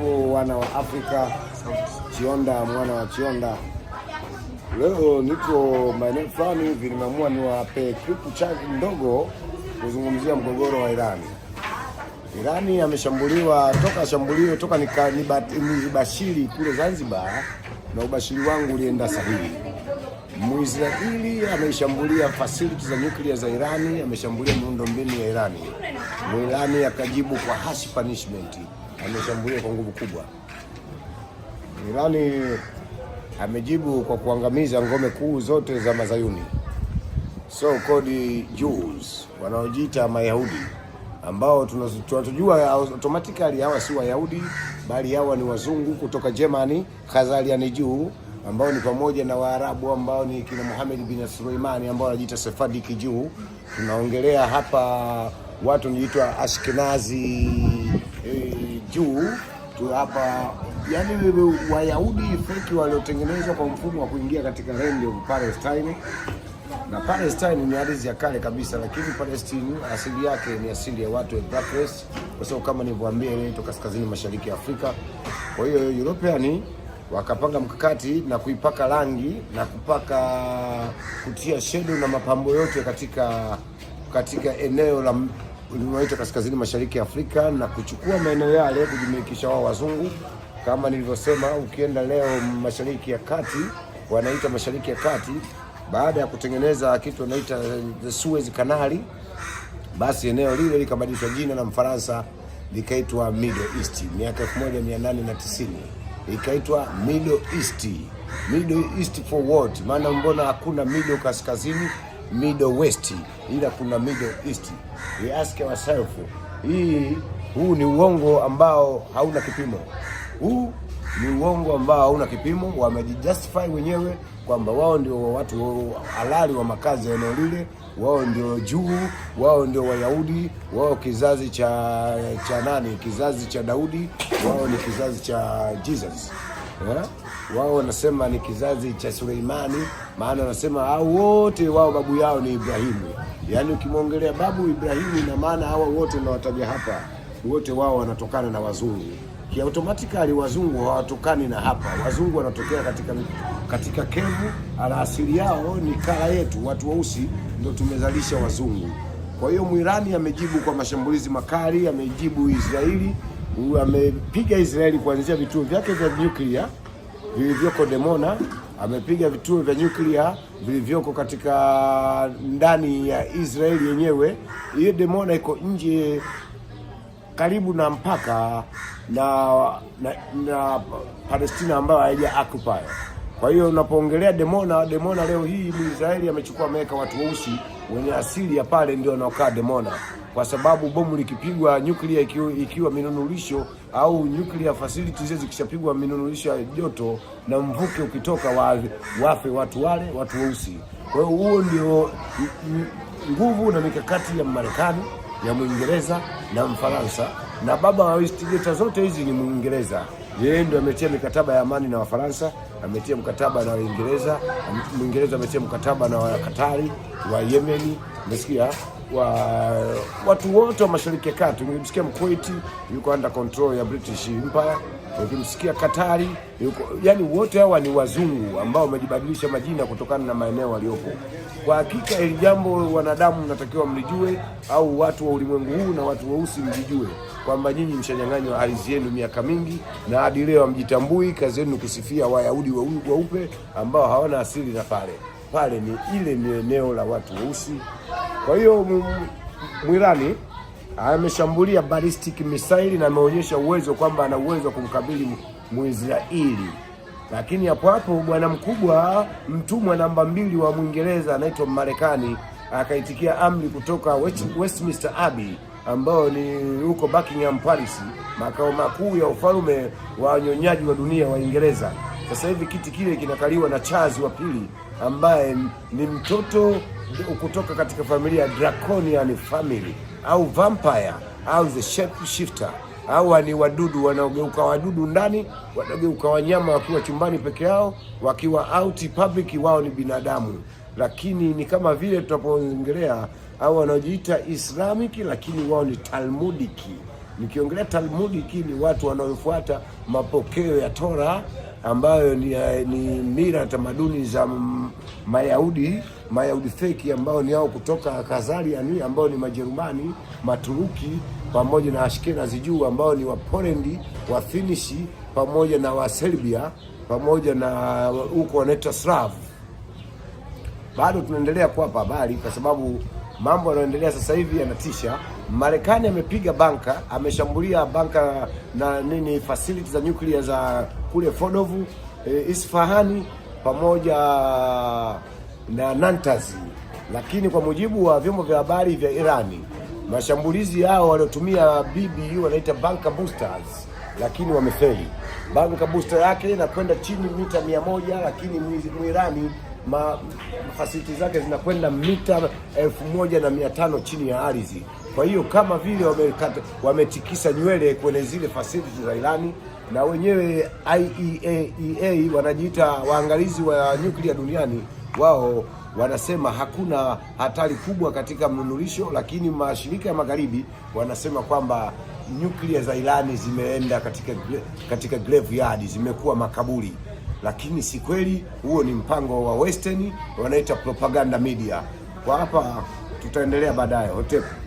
Wana wa Afrika, Chionda mwana wa Chionda. Leo niko maeneo fulani hivi, nimeamua niwape kitu chake ndogo kuzungumzia mgogoro wa Irani. Irani ameshambuliwa toka shambulio toka nibashiri kule Zanzibar, na ubashiri wangu ulienda sahihi. Mwisraeli ameshambulia fasiliti za nyuklia za Irani, ameshambulia miundo mbinu ya Irani, Irani akajibu kwa harsh punishment ameshambulia kwa nguvu kubwa. Irani amejibu kwa kuangamiza ngome kuu zote za Mazayuni, so called Jews wanaojiita Mayahudi ambao tunatujua automatically hawa si Wayahudi bali hawa ni wazungu kutoka Germany, Khazarian juu ambao ni pamoja na Waarabu ambao ni kina Muhammad bin Suleimani ambao wanajiita Sephardic juu Tunaongelea hapa watu wanajiitwa Ashkenazi juu tu hapa, yani Wayahudi feki waliotengenezwa kwa mfumo wa kuingia katika land of Palestine, na Palestine ni ardhi ya kale kabisa, lakini Palestine asili yake ni asili ya watu Cyprus, kwa sababu kama nilivyowaambia ile toka kaskazini mashariki ya Afrika. Kwa hiyo European wakapanga mkakati na kuipaka rangi na kupaka kutia shedo na mapambo yote katika katika eneo la ulivyoitwa kaskazini mashariki ya Afrika na kuchukua maeneo yale kujimilikisha wao wazungu. Kama nilivyosema, ukienda leo mashariki ya kati, wanaita mashariki ya kati, baada ya kutengeneza kitu wanaita the Suez Canal, basi eneo lile likabadilishwa jina na Mfaransa likaitwa Middle East miaka 1890 ikaitwa Middle East. Middle East for what? Maana mbona hakuna middle kaskazini, middle west ila kuna Middle East. We ask ourselves, hii huu ni uongo ambao hauna kipimo. Huu ni uongo ambao hauna kipimo. Wamejijustify wenyewe kwamba wao ndio watu halali wa makazi ya eneo lile, wao ndio juu, wao ndio Wayahudi, wao kizazi cha cha nani, kizazi cha Daudi, wao ni kizazi cha Jesus yeah? Wao wanasema ni kizazi cha Suleimani, maana wanasema au wote wao babu yao ni Ibrahimu. Yaani ukimwongelea babu Ibrahimu, ina maana hawa wote nawataja hapa, wote wao wanatokana na wazungu kiautomatikali. Wazungu hawatokani na hapa, wazungu wanatokea katika katika Kevu, ala asili yao ni kala yetu, watu weusi ndio tumezalisha wazungu. Kwa hiyo mwirani amejibu kwa mashambulizi makali, amejibu Israeli, amepiga Israeli kuanzia vituo vyake vya nyuklia vilivyoko Demona amepiga vituo vya nyuklia vilivyoko katika ndani ya Israeli yenyewe. Hiyo demona iko nje karibu na mpaka na na, na Palestina ambayo haija occupy. Kwa hiyo unapoongelea Demona, Demona leo hii Mwisraeli amechukua ameweka watu weusi wenye asili ya pale ndio wanaokaa Demona kwa sababu bomu likipigwa nyuklia ikiwa, ikiwa minunulisho au nyuklia facilities zikishapigwa minunulisho ya joto na mvuke ukitoka wa, wafe watu wale watu weusi. Kwa hiyo huo ndio nguvu na mikakati ya Marekani ya Mwingereza na Mfaransa na baba wa istigeta zote hizi ni Mwingereza. Yeye ndio ametia mikataba ya amani na Wafaransa, ametia mkataba na Waingereza, Mwingereza ametia mkataba na Wakatari wa Yemeni, umesikia? wa watu wote wa Mashariki ya Kati. Nilimsikia Mkuwaiti yuko under control ya British Empire, ukimsikia Katari yuko, yani wote hawa ni wazungu ambao wamejibadilisha majina kutokana na maeneo waliopo. Kwa hakika ili jambo wanadamu natakiwa mlijue, au watu wa ulimwengu huu na watu weusi mlijue kwamba nyinyi mshanyang'anywa ardhi yenu miaka mingi, na hadi leo hamjitambui. Kazi yenu ni kusifia Wayahudi weupe ambao hawana asili na pale pale ni ile ni eneo la watu weusi. Kwa hiyo Mwirani ameshambulia ballistic missile na ameonyesha uwezo kwamba ana uwezo wa kumkabili Mwisraeli, lakini hapo hapo bwana mkubwa, mtumwa namba mbili wa Mwingereza anaitwa Marekani akaitikia amri kutoka Westminster Abbey ambayo ni huko Buckingham Palace, makao makuu ya ufalme wa wanyonyaji wa dunia wa Uingereza. Sasa hivi kiti kile kinakaliwa na Charles wa pili ambaye ni mtoto kutoka katika familia ya Draconian family au vampire au the shape shifter hawa ni wadudu wanaogeuka wadudu ndani, wanageuka wanyama wakiwa chumbani peke yao, wakiwa out public wao ni binadamu. Lakini ni kama vile tunapoongelea au wanaojiita islamiki, lakini wao ni Talmudiki. Nikiongelea Talmudiki ni watu wanaofuata mapokeo ya Tora ambayo ni, eh, ni mila tamaduni za Mayahudi Mayahudi feki ambao ni hao kutoka Kazariani ambao ni Majerumani, Maturuki pamoja na Ashkenazi juu ambao ni Wapolendi, Wafinishi pamoja na Waserbia pamoja na uh, huko wanaitwa Slav. Bado tunaendelea kuwapa habari kwa sababu mambo yanayoendelea sasa hivi yanatisha. Marekani amepiga banka, ameshambulia banka na nini facility za nyuklia za kule Fordovu, e, eh, Isfahani pamoja na Nantazi, lakini kwa mujibu wa vyombo vya habari vya Irani mashambulizi yao waliotumia BBU wanaita banka boosters, lakini wamefeli. Banka booster yake inakwenda chini mita mia moja lakini mwirani ma fasiliti zake zinakwenda mita elfu moja na mia tano chini ya ardhi. Kwa hiyo kama vile wamekata, wametikisa nywele kwenye zile facility za Irani na wenyewe IAEA e wanajiita waangalizi wa nyuklia duniani, wao wanasema hakuna hatari kubwa katika mnunulisho, lakini mashirika ya magharibi wanasema kwamba nyuklia za Irani zimeenda katika, katika graveyard, zimekuwa makaburi lakini si kweli. Huo ni mpango wa Western wanaita propaganda media. Kwa hapa tutaendelea baadaye. Hotepu.